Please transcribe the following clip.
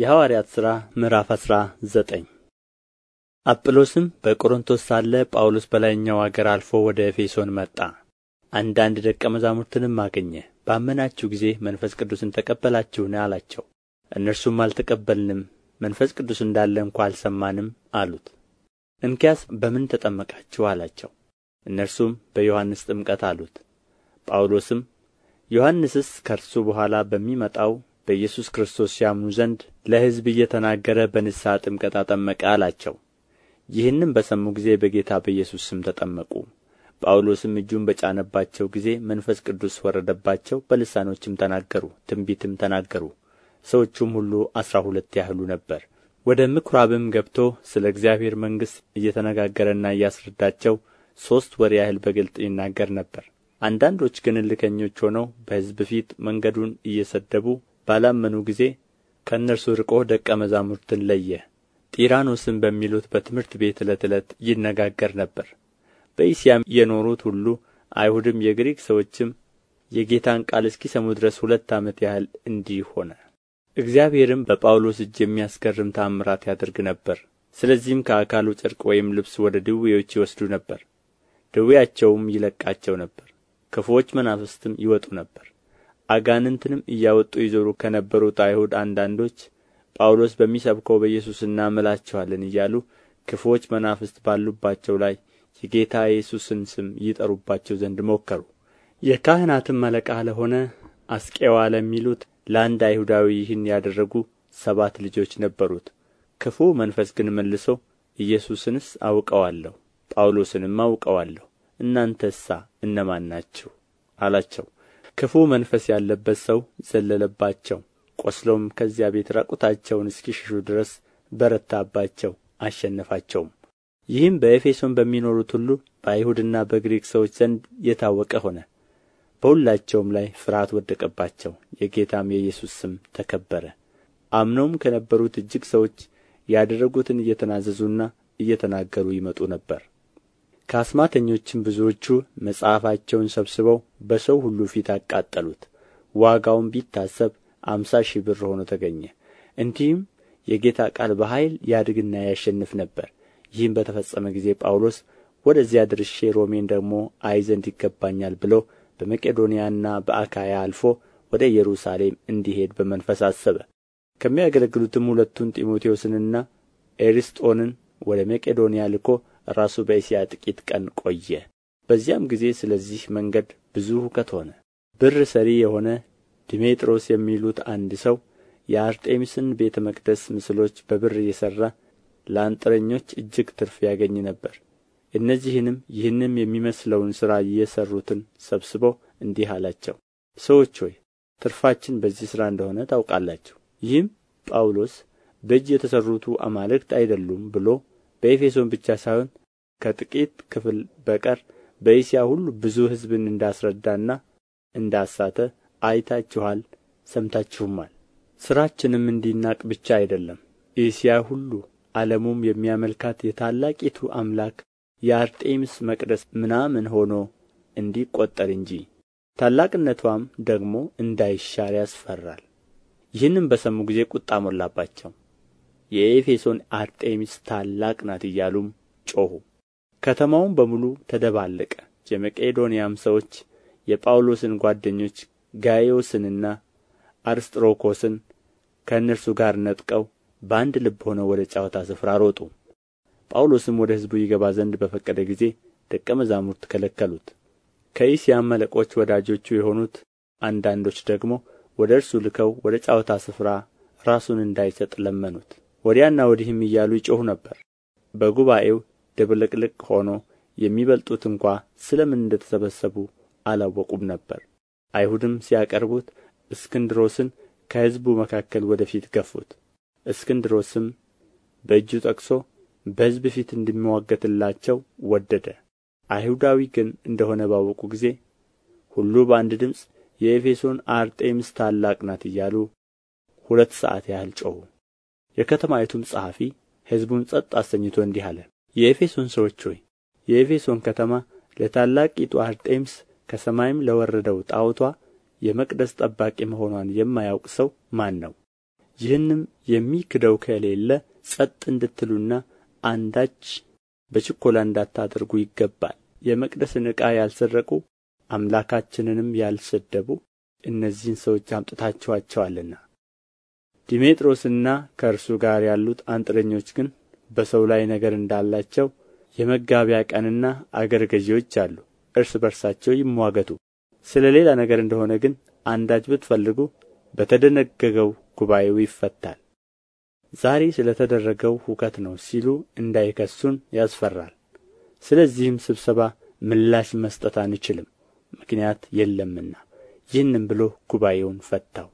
የሐዋርያት ሥራ ምዕራፍ አስራ ዘጠኝ አጵሎስም በቆሮንቶስ ሳለ ጳውሎስ በላይኛው አገር አልፎ ወደ ኤፌሶን መጣ። አንዳንድ ደቀ መዛሙርትንም አገኘ። ባመናችሁ ጊዜ መንፈስ ቅዱስን ተቀበላችሁን አላቸው። እነርሱም አልተቀበልንም፣ መንፈስ ቅዱስ እንዳለ እንኳ አልሰማንም አሉት። እንኪያስ በምን ተጠመቃችሁ አላቸው። እነርሱም በዮሐንስ ጥምቀት አሉት። ጳውሎስም ዮሐንስስ ከእርሱ በኋላ በሚመጣው በኢየሱስ ክርስቶስ ያምኑ ዘንድ ለሕዝብ እየተናገረ በንስሐ ጥምቀት አጠመቀ አላቸው። ይህንም በሰሙ ጊዜ በጌታ በኢየሱስ ስም ተጠመቁ። ጳውሎስም እጁን በጫነባቸው ጊዜ መንፈስ ቅዱስ ወረደባቸው፣ በልሳኖችም ተናገሩ፣ ትንቢትም ተናገሩ። ሰዎቹም ሁሉ አሥራ ሁለት ያህሉ ነበር። ወደ ምኵራብም ገብቶ ስለ እግዚአብሔር መንግሥት እየተነጋገረና እያስረዳቸው ሦስት ወር ያህል በግልጥ ይናገር ነበር። አንዳንዶች ግን እልከኞች ሆነው በሕዝብ ፊት መንገዱን እየሰደቡ ባላመኑ ጊዜ ከእነርሱ ርቆ ደቀ መዛሙርትን ለየ። ጢራኖስም በሚሉት በትምህርት ቤት ዕለት ዕለት ይነጋገር ነበር። በእስያም የኖሩት ሁሉ አይሁድም የግሪክ ሰዎችም የጌታን ቃል እስኪሰሙ ድረስ ሁለት ዓመት ያህል እንዲህ ሆነ። እግዚአብሔርም በጳውሎስ እጅ የሚያስገርም ታምራት ያደርግ ነበር። ስለዚህም ከአካሉ ጨርቅ ወይም ልብስ ወደ ድዌዎች ይወስዱ ነበር፣ ድዌያቸውም ይለቃቸው ነበር፣ ክፉዎች መናፍስትም ይወጡ ነበር። አጋንንትንም እያወጡ ይዞሩ ከነበሩት አይሁድ አንዳንዶች ጳውሎስ በሚሰብከው በኢየሱስ እናምላችኋለን እያሉ ክፉዎች መናፍስት ባሉባቸው ላይ የጌታ ኢየሱስን ስም ይጠሩባቸው ዘንድ ሞከሩ። የካህናትም አለቃ ለሆነ አስቄዋ ለሚሉት ለአንድ አይሁዳዊ ይህን ያደረጉ ሰባት ልጆች ነበሩት። ክፉ መንፈስ ግን መልሶ ኢየሱስንስ አውቀዋለሁ፣ ጳውሎስንም አውቀዋለሁ፣ እናንተሳ እነማን ናችሁ? አላቸው። ክፉ መንፈስ ያለበት ሰው ዘለለባቸው፣ ቆስለውም ከዚያ ቤት ራቁታቸውን እስኪሸሹ ድረስ በረታባቸው፣ አሸነፋቸውም። ይህም በኤፌሶን በሚኖሩት ሁሉ በአይሁድና በግሪክ ሰዎች ዘንድ የታወቀ ሆነ። በሁላቸውም ላይ ፍርሃት ወደቀባቸው፣ የጌታም የኢየሱስ ስም ተከበረ። አምነውም ከነበሩት እጅግ ሰዎች ያደረጉትን እየተናዘዙና እየተናገሩ ይመጡ ነበር። ከአስማተኞችም ብዙዎቹ መጽሐፋቸውን ሰብስበው በሰው ሁሉ ፊት አቃጠሉት ዋጋውም ቢታሰብ አምሳ ሺህ ብር ሆኖ ተገኘ እንዲህም የጌታ ቃል በኃይል ያድግና ያሸንፍ ነበር ይህም በተፈጸመ ጊዜ ጳውሎስ ወደዚያ ድርሼ ሮሜን ደግሞ አይ ዘንድ ይገባኛል ብሎ በመቄዶንያና በአካያ አልፎ ወደ ኢየሩሳሌም እንዲሄድ በመንፈስ አሰበ። ከሚያገለግሉትም ሁለቱን ጢሞቴዎስንና ኤርስጦንን ወደ መቄዶንያ ልኮ ራሱ በእስያ ጥቂት ቀን ቆየ። በዚያም ጊዜ ስለዚህ መንገድ ብዙ ሁከት ሆነ። ብር ሰሪ የሆነ ድሜጥሮስ የሚሉት አንድ ሰው የአርጤምስን ቤተ መቅደስ ምስሎች በብር እየሠራ ለአንጥረኞች እጅግ ትርፍ ያገኝ ነበር። እነዚህንም ይህንም የሚመስለውን ሥራ እየሠሩትን ሰብስቦ እንዲህ አላቸው። ሰዎች ሆይ ትርፋችን በዚህ ሥራ እንደሆነ ታውቃላችሁ። ይህም ጳውሎስ በእጅ የተሠሩቱ አማልክት አይደሉም ብሎ በኤፌሶን ብቻ ሳይሆን ከጥቂት ክፍል በቀር በእስያ ሁሉ ብዙ ሕዝብን እንዳስረዳና እንዳሳተ አይታችኋል፣ ሰምታችሁማል። ሥራችንም እንዲናቅ ብቻ አይደለም፣ እስያ ሁሉ ዓለሙም የሚያመልካት የታላቂቱ አምላክ የአርጤምስ መቅደስ ምናምን ሆኖ እንዲቈጠር እንጂ ታላቅነቷም ደግሞ እንዳይሻር ያስፈራል። ይህንም በሰሙ ጊዜ ቁጣ ሞላባቸው። የኤፌሶን አርጤሚስ ታላቅ ናት እያሉም ጮኹ ከተማውም በሙሉ ተደባለቀ የመቄዶንያም ሰዎች የጳውሎስን ጓደኞች ጋይዮስንና አርስጥሮኮስን ከእነርሱ ጋር ነጥቀው በአንድ ልብ ሆነው ወደ ጨዋታ ስፍራ ሮጡ። ጳውሎስም ወደ ሕዝቡ ይገባ ዘንድ በፈቀደ ጊዜ ደቀ መዛሙርት ከለከሉት። ከእስያም አለቆች ወዳጆቹ የሆኑት አንዳንዶች ደግሞ ወደ እርሱ ልከው ወደ ጨዋታ ስፍራ ራሱን እንዳይሰጥ ለመኑት። ወዲያና ወዲህም እያሉ ይጮኹ ነበር በጉባኤው ድብልቅልቅ ሆኖ የሚበልጡት እንኳ ስለ ምን እንደ ተሰበሰቡ አላወቁም ነበር አይሁድም ሲያቀርቡት እስክንድሮስን ከሕዝቡ መካከል ወደ ፊት ገፉት እስክንድሮስም በእጁ ጠቅሶ በሕዝብ ፊት እንደሚሟገትላቸው ወደደ። አይሁዳዊ ግን እንደሆነ ባወቁ ጊዜ ሁሉ በአንድ ድምፅ የኤፌሶን አርጤምስ ታላቅ ናት እያሉ ሁለት ሰዓት ያህል ጮኹ። የከተማይቱም ጸሐፊ ሕዝቡን ጸጥ አሰኝቶ እንዲህ አለ የኤፌሶን ሰዎች ሆይ የኤፌሶን ከተማ ለታላቂቱ አርጤምስ ከሰማይም ለወረደው ጣዖቷ የመቅደስ ጠባቂ መሆኗን የማያውቅ ሰው ማን ነው ይህንም የሚክደው ከሌለ ጸጥ እንድትሉና አንዳች በችኮላ እንዳታደርጉ ይገባል። የመቅደስን ዕቃ ያልሰረቁ አምላካችንንም ያልሰደቡ እነዚህን ሰዎች አምጥታችኋቸዋልና ዲሜጥሮስና ከእርሱ ጋር ያሉት አንጥረኞች ግን በሰው ላይ ነገር እንዳላቸው የመጋቢያ ቀንና አገር ገዢዎች አሉ እርስ በርሳቸው ይሟገቱ ስለ ሌላ ነገር እንደሆነ ግን አንዳች ብትፈልጉ በተደነገገው ጉባኤው ይፈታል ዛሬ ስለ ተደረገው ሁከት ነው ሲሉ እንዳይከሱን ያስፈራል ስለዚህም ስብሰባ ምላሽ መስጠት አንችልም ምክንያት የለምና ይህንም ብሎ ጉባኤውን ፈታው